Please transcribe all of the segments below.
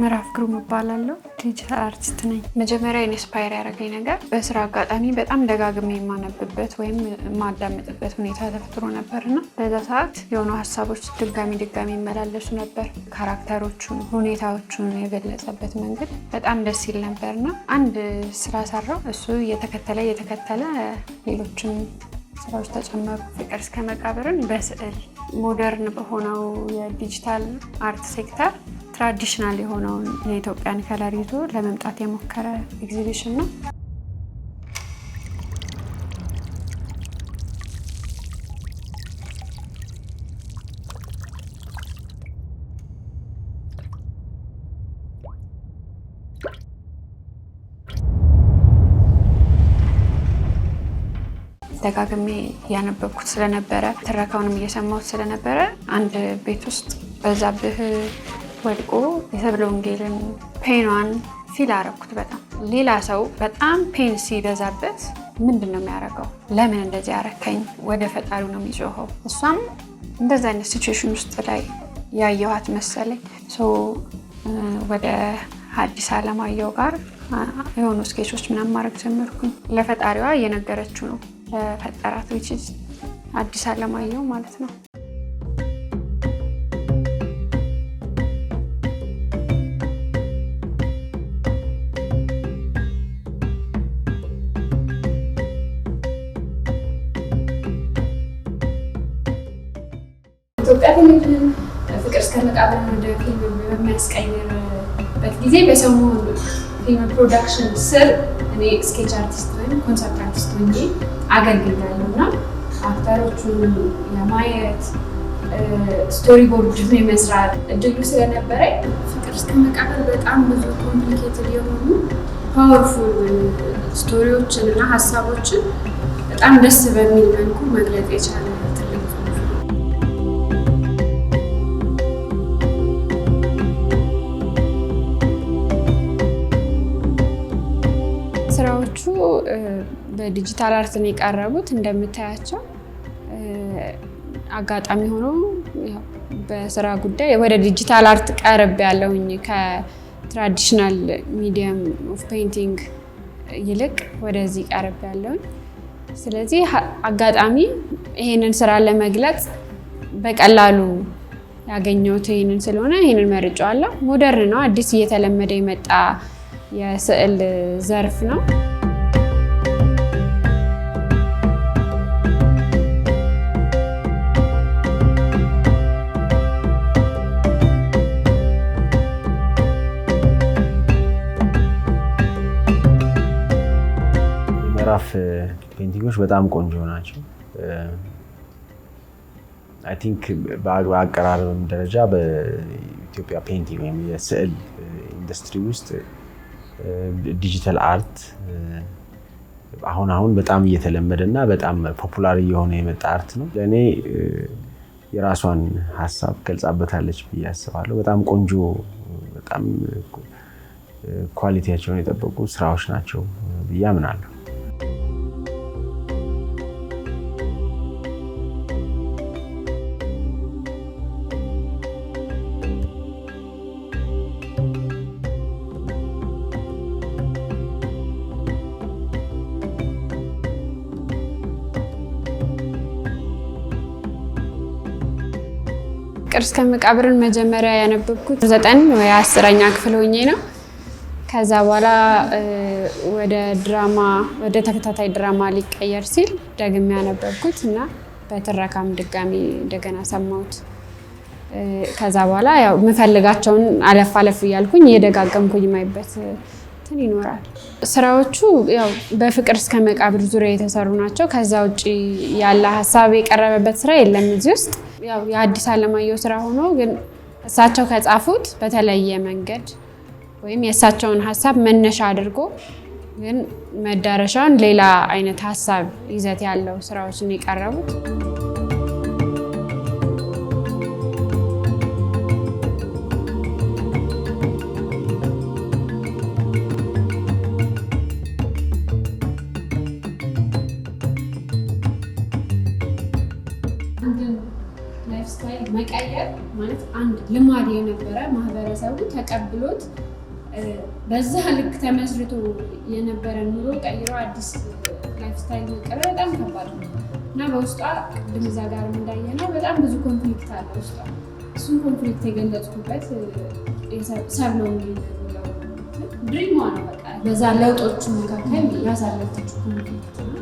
ምዕራፍ ግሩም እባላለሁ። ዲጂታል አርቲስት ነኝ። መጀመሪያ ኢንስፓየር ያደረገኝ ነገር በስራ አጋጣሚ በጣም ደጋግሜ የማነብበት ወይም የማዳምጥበት ሁኔታ ተፈጥሮ ነበር እና በዛ ሰዓት የሆኑ ሀሳቦች ድጋሚ ድጋሚ ይመላለሱ ነበር። ካራክተሮቹን፣ ሁኔታዎቹን የገለጸበት መንገድ በጣም ደስ ይል ነበር እና አንድ ስራ ሰራው። እሱ እየተከተለ እየተከተለ ሌሎችም ስራዎች ተጨመሩ። ፍቅር እስከ መቃብርን በስዕል ሞደርን በሆነው የዲጂታል አርት ሴክተር ትራዲሽናል የሆነውን የኢትዮጵያን ከለር ይዞ ለመምጣት የሞከረ ኤግዚቢሽን ነው። ደጋግሜ እያነበብኩት ስለነበረ ትረካውንም እየሰማሁት ስለነበረ አንድ ቤት ውስጥ በዛብህ ወድቆ የሰብለ ወንጌልን ፔኗን ፊል አረኩት። በጣም ሌላ ሰው በጣም ፔን ሲበዛበት ምንድን ነው የሚያደርገው? ለምን እንደዚህ ያረከኝ? ወደ ፈጣሪው ነው የሚጮኸው። እሷም እንደዚ አይነት ሲትዌሽን ውስጥ ላይ ያየኋት መሰለኝ። ወደ ሐዲስ ዓለማየሁ ጋር የሆኑ ስኬቾች ምናምን ማድረግ ጀመርኩኝ። ለፈጣሪዋ እየነገረችው ነው ለፈጠራት አዲስ ዓለማየሁ ማለት ነው። ዳግምን ፍቅር እስከ መቃብር ወደ ፊልም በሚያስቀይርበት ጊዜ በሰሞኑ ፊልም ፕሮዳክሽን ስር እኔ ስኬች አርቲስት ወይም ኮንሰርት አርቲስት ሆኜ አገልግያለሁ እና ስቶሪ ቦርድ የመስራት እድሉ ስለነበረ ፍቅር እስከ መቃብር በጣም ብዙ ኮምፕሊኬትድ የሆኑ ፓወርፉል ስቶሪዎችን እና ሀሳቦችን በጣም ደስ በሚል መልኩ መግለጽ የቻለ በዲጂታል አርት ነው የቀረቡት። እንደምታያቸው አጋጣሚ ሆኖ በስራ ጉዳይ ወደ ዲጂታል አርት ቀርብ ያለውኝ ከትራዲሽናል ሚዲየም ኦፍ ፔይንቲንግ ይልቅ ወደዚህ ቀርብ ያለውኝ። ስለዚህ አጋጣሚ ይሄንን ስራ ለመግለጽ በቀላሉ ያገኘሁት ይህንን ስለሆነ ይህንን መርጫዋለሁ። ሞደርን ነው፣ አዲስ እየተለመደ የመጣ የስዕል ዘርፍ ነው። ዛፍ ፔንቲንጎች በጣም ቆንጆ ናቸው። አይ ቲንክ በአቀራረብም ደረጃ በኢትዮጵያ ፔንቲንግ ወይም የስዕል ኢንዱስትሪ ውስጥ ዲጂታል አርት አሁን አሁን በጣም እየተለመደ እና በጣም ፖፑላር እየሆነ የመጣ አርት ነው። ለእኔ የራሷን ሀሳብ ገልጻበታለች ብዬ አስባለሁ። በጣም ቆንጆ በጣም ኳሊቲያቸውን የጠበቁ ስራዎች ናቸው ብዬ አምናለሁ። ፍቅር እስከ መቃብርን መጀመሪያ ያነበብኩት ዘጠኝ ወይ አስረኛ ክፍል ሆኜ ነው። ከዛ በኋላ ወደ ድራማ ወደ ተከታታይ ድራማ ሊቀየር ሲል ደግም ያነበብኩት እና በትረካም ድጋሚ እንደገና ሰማሁት። ከዛ በኋላ ያው የምፈልጋቸውን አለፍ አለፍ እያልኩኝ እየደጋገምኩኝ ማይበት እንትን ይኖራል። ስራዎቹ ያው በፍቅር እስከ መቃብር ዙሪያ የተሰሩ ናቸው። ከዛ ውጭ ያለ ሀሳብ የቀረበበት ስራ የለም። እዚህ ውስጥ ያው የአዲስ አለማየሁ ስራ ሆኖ ግን እሳቸው ከጻፉት በተለየ መንገድ ወይም የእሳቸውን ሀሳብ መነሻ አድርጎ ግን መዳረሻውን ሌላ አይነት ሀሳብ ይዘት ያለው ስራዎች የቀረቡት። ልማድ የነበረ ማህበረሰቡ ተቀብሎት በዛ ልክ ተመስርቶ የነበረ ኑሮ ቀይሮ አዲስ ላይፍስታይል መቀረ በጣም ከባድ ነው እና በውስጧ ቅድም እዛ ጋር እንዳየነው በጣም ብዙ ኮንፍሊክት አለ ውስጧ። እሱን ኮንፍሊክት የገለጽኩበት ሰብ ነው ድሪም ነው በቃ በዛ ለውጦቹ መካከል ያሳለፈችው ኮንፍሊክት ነው።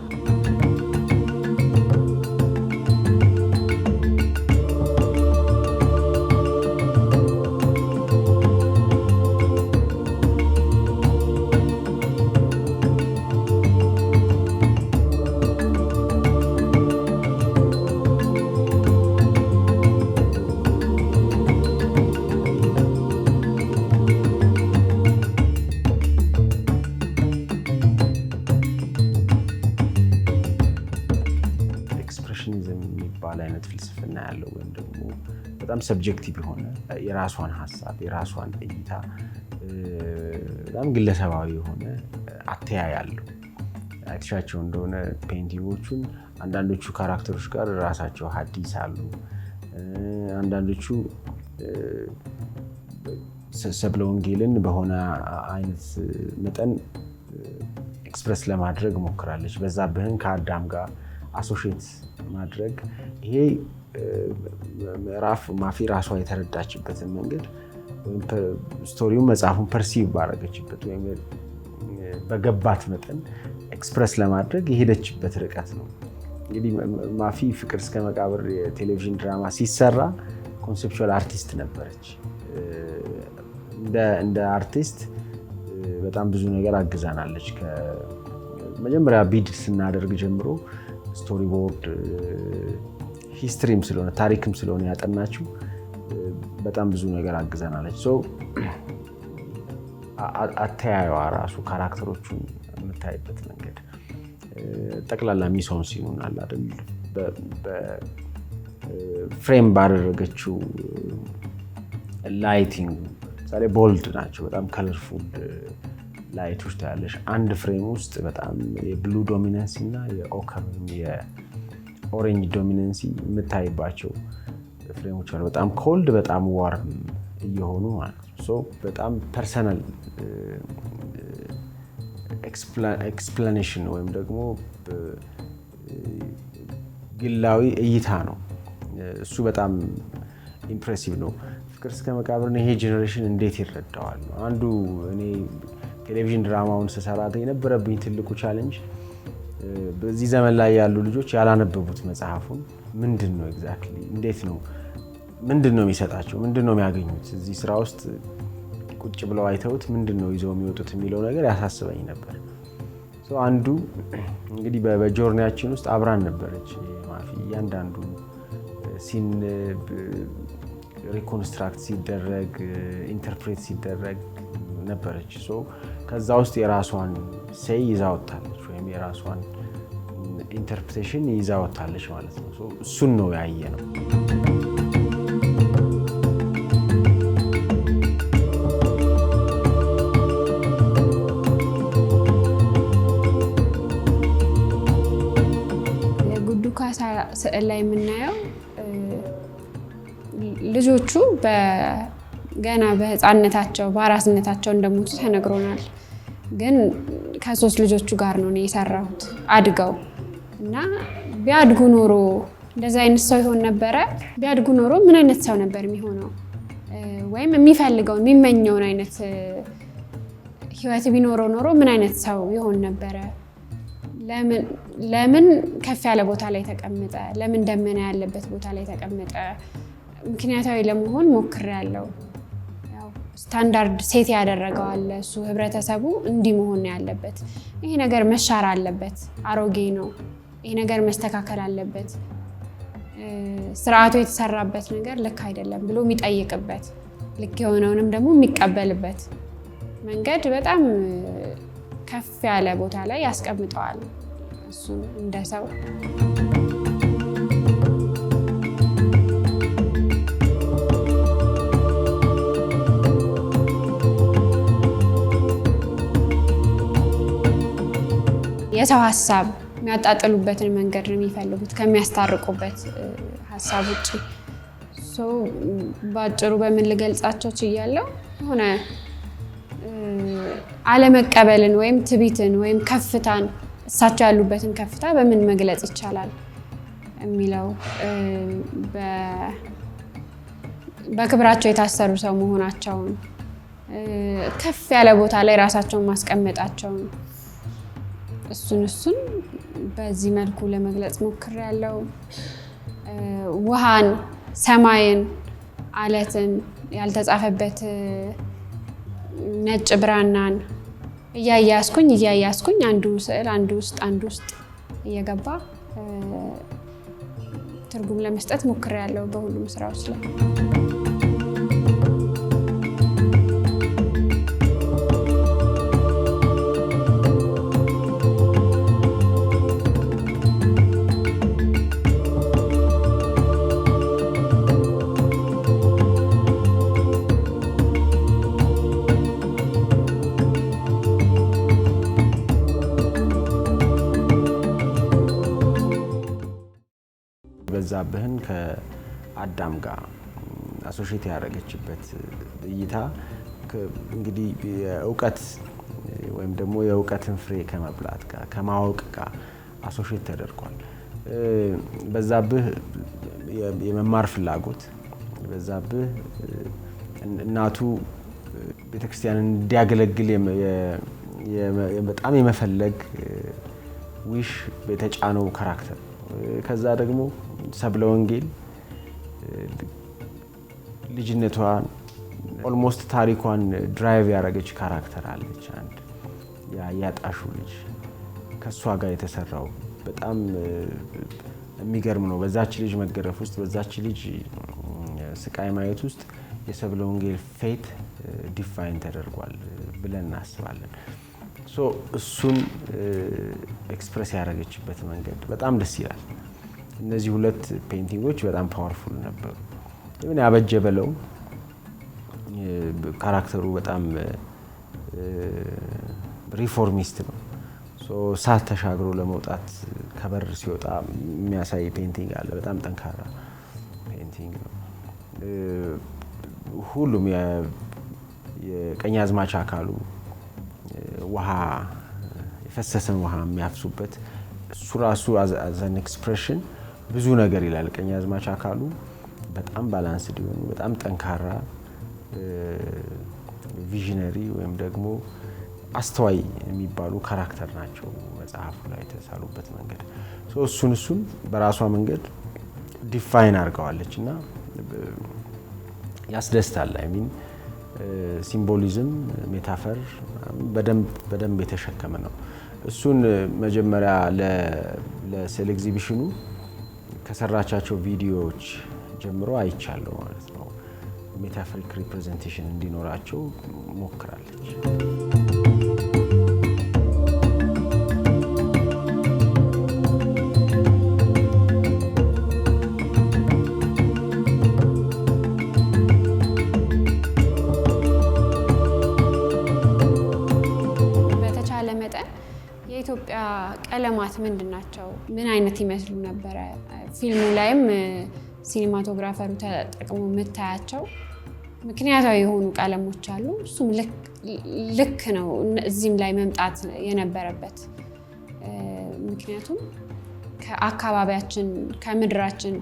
በጣም ሰብጀክቲቭ የሆነ የራሷን ሀሳብ የራሷን እይታ በጣም ግለሰባዊ የሆነ አተያይ አለው። አይተሻቸው እንደሆነ ፔንቲንጎቹን አንዳንዶቹ ካራክተሮች ጋር ራሳቸው ሀዲስ አሉ። አንዳንዶቹ ሰብለ ወንጌልን በሆነ አይነት መጠን ኤክስፕረስ ለማድረግ ሞክራለች። በዛብህን ከአዳም ጋር አሶሼት ማድረግ ይሄ ምዕራፍ ማፊ ራሷ የተረዳችበትን መንገድ ስቶሪውን መጽሐፉን ፐርሲቭ ባረገችበት ወይም በገባት መጠን ኤክስፕረስ ለማድረግ የሄደችበት ርቀት ነው። እንግዲህ ማፊ ፍቅር እስከ መቃብር የቴሌቪዥን ድራማ ሲሰራ ኮንሴፕቹዋል አርቲስት ነበረች። እንደ አርቲስት በጣም ብዙ ነገር አግዛናለች። መጀመሪያ ቢድ ስናደርግ ጀምሮ ስቶሪ ቦርድ ሂስትሪም ስለሆነ ታሪክም ስለሆነ ያጠናችው በጣም ብዙ ነገር አግዘናለች። ሰው አተያዩዋ ራሱ ካራክተሮቹን የምታይበት መንገድ ጠቅላላ ሚሶን ሲሆን አለ አይደል ፍሬም ባደረገችው ላይቲንግ ምሳሌ ቦልድ ናቸው። በጣም ከለርፉል ላይቶች ታያለሽ። አንድ ፍሬም ውስጥ በጣም የብሉ ዶሚነንስ እና የኦከር ኦሬንጅ ዶሚነንሲ የምታይባቸው ፍሬሞች አሉ። በጣም ኮልድ፣ በጣም ዋርም እየሆኑ ማለት ነው። በጣም ፐርሰናል ኤክስፕላኔሽን ወይም ደግሞ ግላዊ እይታ ነው። እሱ በጣም ኢምፕሬሲቭ ነው። ፍቅር እስከ መቃብር ይሄ ጀኔሬሽን እንዴት ይረዳዋል? አንዱ እኔ ቴሌቪዥን ድራማውን ስሰራ የነበረብኝ ትልቁ ቻለንጅ በዚህ ዘመን ላይ ያሉ ልጆች ያላነበቡት መጽሐፉን ምንድን ነው ኤግዛክትሊ እንዴት ነው ምንድን ነው የሚሰጣቸው ምንድን ነው የሚያገኙት እዚህ ስራ ውስጥ ቁጭ ብለው አይተውት ምንድን ነው ይዘው የሚወጡት የሚለው ነገር ያሳስበኝ ነበር። አንዱ እንግዲህ በጆርኒያችን ውስጥ አብራን ነበረች ማፊ። እያንዳንዱ ሲን ሪኮንስትራክት ሲደረግ ኢንተርፕሬት ሲደረግ ነበረች። ከዛ ውስጥ የራሷን ሴይ ይዛ ወጥታለች። የራሷን ኢንተርፕሬቴሽን ይዛ ወታለች ማለት ነው። እሱን ነው ያየ ነው። ስዕል ላይ የምናየው ልጆቹ ገና በህፃነታቸው በአራስነታቸው እንደሞቱ ተነግሮናል ግን ከሶስት ልጆቹ ጋር ነው የሰራሁት አድገው እና ቢያድጉ ኖሮ እንደዚ አይነት ሰው ይሆን ነበረ። ቢያድጉ ኖሮ ምን አይነት ሰው ነበር የሚሆነው? ወይም የሚፈልገውን የሚመኘውን አይነት ህይወት ቢኖረው ኖሮ ምን አይነት ሰው ይሆን ነበረ? ለምን ከፍ ያለ ቦታ ላይ ተቀመጠ? ለምን ደመና ያለበት ቦታ ላይ ተቀመጠ? ምክንያታዊ ለመሆን ሞክሬያለሁ። ስታንዳርድ ሴት ያደረገዋል። እሱ ህብረተሰቡ እንዲህ መሆን ያለበት፣ ይሄ ነገር መሻር አለበት፣ አሮጌ ነው፣ ይሄ ነገር መስተካከል አለበት፣ ስርዓቱ የተሰራበት ነገር ልክ አይደለም ብሎ የሚጠይቅበት ልክ የሆነውንም ደግሞ የሚቀበልበት መንገድ በጣም ከፍ ያለ ቦታ ላይ ያስቀምጠዋል እሱን እንደ ሰው የሰው ሀሳብ የሚያጣጥሉበትን መንገድ ነው የሚፈልጉት ከሚያስታርቁበት ሀሳብ ውጭ። በአጭሩ በምን ልገልጻቸው ችያለው? አለመቀበልን ወይም ትቢትን ወይም ከፍታን እሳቸው ያሉበትን ከፍታ በምን መግለጽ ይቻላል የሚለው በክብራቸው የታሰሩ ሰው መሆናቸውን ከፍ ያለ ቦታ ላይ ራሳቸውን ማስቀመጣቸውን እሱን እሱን በዚህ መልኩ ለመግለጽ ሞክር ያለው ውሃን፣ ሰማይን፣ አለትን፣ ያልተጻፈበት ነጭ ብራናን እያያስኩኝ እያያስኩኝ አንዱ ስዕል አንዱ ውስጥ አንዱ ውስጥ እየገባ ትርጉም ለመስጠት ሞክር ያለው በሁሉም ስራዎች ላይ። መጣብህን ከአዳም ጋር አሶሽት ያደረገችበት እይታ እንግዲህ የእውቀት ወይም ደግሞ የእውቀትን ፍሬ ከመብላት ጋር ከማወቅ ጋር አሶሽት ተደርጓል። በዛብህ የመማር ፍላጎት በዛብህ እናቱ ቤተክርስቲያንን እንዲያገለግል በጣም የመፈለግ ዊሽ የተጫነው ካራክተር ከዛ ደግሞ ሰብለ ወንጌል ልጅነቷን ኦልሞስት ታሪኳን ድራይቭ ያደረገች ካራክተር አለች። አንድ ያጣሹ ልጅ ከእሷ ጋር የተሰራው በጣም የሚገርም ነው። በዛች ልጅ መገረፍ ውስጥ፣ በዛች ልጅ ስቃይ ማየት ውስጥ የሰብለ ወንጌል ፌት ዲፋይን ተደርጓል ብለን እናስባለን። እሱን ኤክስፕረስ ያደረገችበት መንገድ በጣም ደስ ይላል። እነዚህ ሁለት ፔይንቲንጎች በጣም ፓወርፉል ነበሩ። ምን አበጀ በለው ካራክተሩ በጣም ሪፎርሚስት ነው። እሳት ተሻግሮ ለመውጣት ከበር ሲወጣ የሚያሳይ ፔንቲንግ አለ። በጣም ጠንካራ ፔንቲንግ ነው። ሁሉም አዝማች አካሉ ውሃ የፈሰሰን ውሃ የሚያፍሱበት እሱ ራሱ አዘን ኤክስፕሬሽን ብዙ ነገር ይላል አዝማች አካሉ። በጣም ባላንስድ የሆኑ በጣም ጠንካራ ቪዥነሪ ወይም ደግሞ አስተዋይ የሚባሉ ካራክተር ናቸው መጽሐፉ ላይ የተሳሉበት መንገድ። እሱን እሱን በራሷ መንገድ ዲፋይን አድርገዋለች እና ያስደስታል። አይሚን ሲምቦሊዝም፣ ሜታፈር በደንብ የተሸከመ ነው። እሱን መጀመሪያ ለሴል ኤግዚቢሽኑ ከሰራቻቸው ቪዲዮዎች ጀምሮ አይቻለሁ ማለት ነው። ሜታፍሪክ ሪፕሬዘንቴሽን እንዲኖራቸው ሞክራለች። መጠን የኢትዮጵያ ቀለማት ምንድን ናቸው? ምን አይነት ይመስሉ ነበረ? ፊልሙ ላይም ሲኒማቶግራፈሩ ተጠቅሞ የምታያቸው ምክንያታዊ የሆኑ ቀለሞች አሉ። እሱም ልክ ነው፣ እዚህም ላይ መምጣት የነበረበት ምክንያቱም ከአካባቢያችን ከምድራችን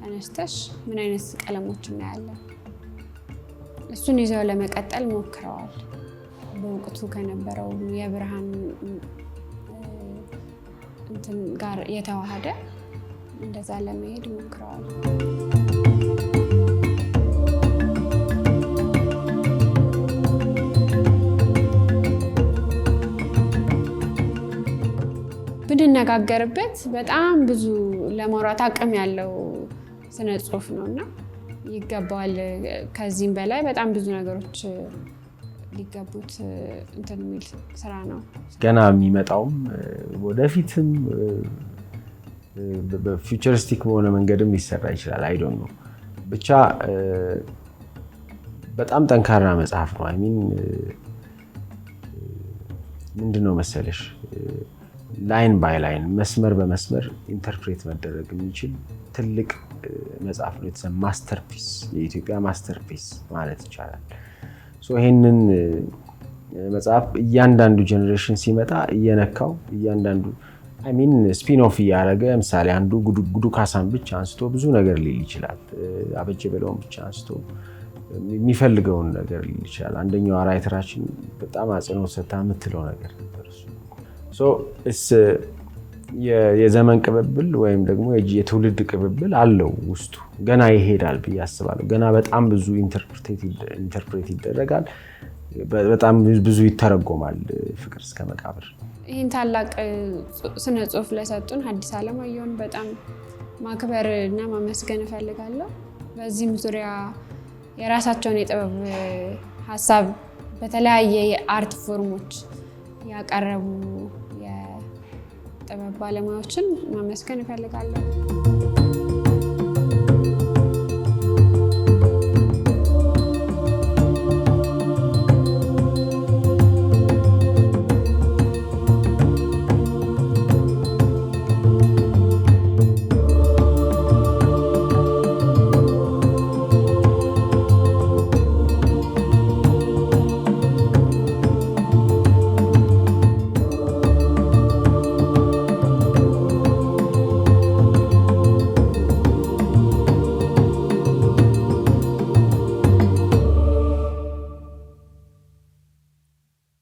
ተነስተሽ ምን አይነት ቀለሞች እናያለን፣ እሱን ይዘው ለመቀጠል ሞክረዋል። በወቅቱ ከነበረው የብርሃን እንትን ጋር የተዋሃደ እንደዛ ለመሄድ ይሞክረዋል። ብንነጋገርበት በጣም ብዙ ለማውራት አቅም ያለው ስነ ጽሁፍ ነው እና ይገባዋል። ከዚህም በላይ በጣም ብዙ ነገሮች ሊገቡት እንትን የሚል ስራ ነው። ገና የሚመጣውም ወደፊትም በፊውቸሪስቲክ በሆነ መንገድም ሊሰራ ይችላል። አይ ዶንት ኖ ብቻ በጣም ጠንካራ መጽሐፍ ነው። አይሚን ምንድን ነው መሰለሽ ላይን ባይ ላይን መስመር በመስመር ኢንተርፕሬት መደረግ የሚችል ትልቅ መጽሐፍ ነው። የተሰ ማስተርፒስ የኢትዮጵያ ማስተርፒስ ማለት ይቻላል። ይህንን መጽሐፍ እያንዳንዱ ጀኔሬሽን ሲመጣ እየነካው እያንዳንዱ አይሚን ስፒን ኦፍ እያደረገ ምሳሌ አንዱ ጉዱ ካሳን ብቻ አንስቶ ብዙ ነገር ሊል ይችላል። አበጀ በለውን ብቻ አንስቶ የሚፈልገውን ነገር ሊል ይችላል። አንደኛው ራይተራችን በጣም አጽንኦት ሰታ የምትለው ነገር ነበር የዘመን ቅብብል ወይም ደግሞ የትውልድ ቅብብል አለው ውስጡ ገና ይሄዳል ብዬ አስባለሁ። ገና በጣም ብዙ ኢንተርፕሬት ይደረጋል፣ በጣም ብዙ ይተረጎማል። ፍቅር እስከ መቃብር ይህን ታላቅ ስነ ጽሁፍ ለሰጡን ሐዲስ ዓለማየሁን በጣም ማክበር እና ማመስገን እፈልጋለሁ። በዚህም ዙሪያ የራሳቸውን የጥበብ ሀሳብ በተለያየ የአርት ፎርሞች ያቀረቡ የጥበብ ባለሙያዎችን ማመስገን እፈልጋለሁ።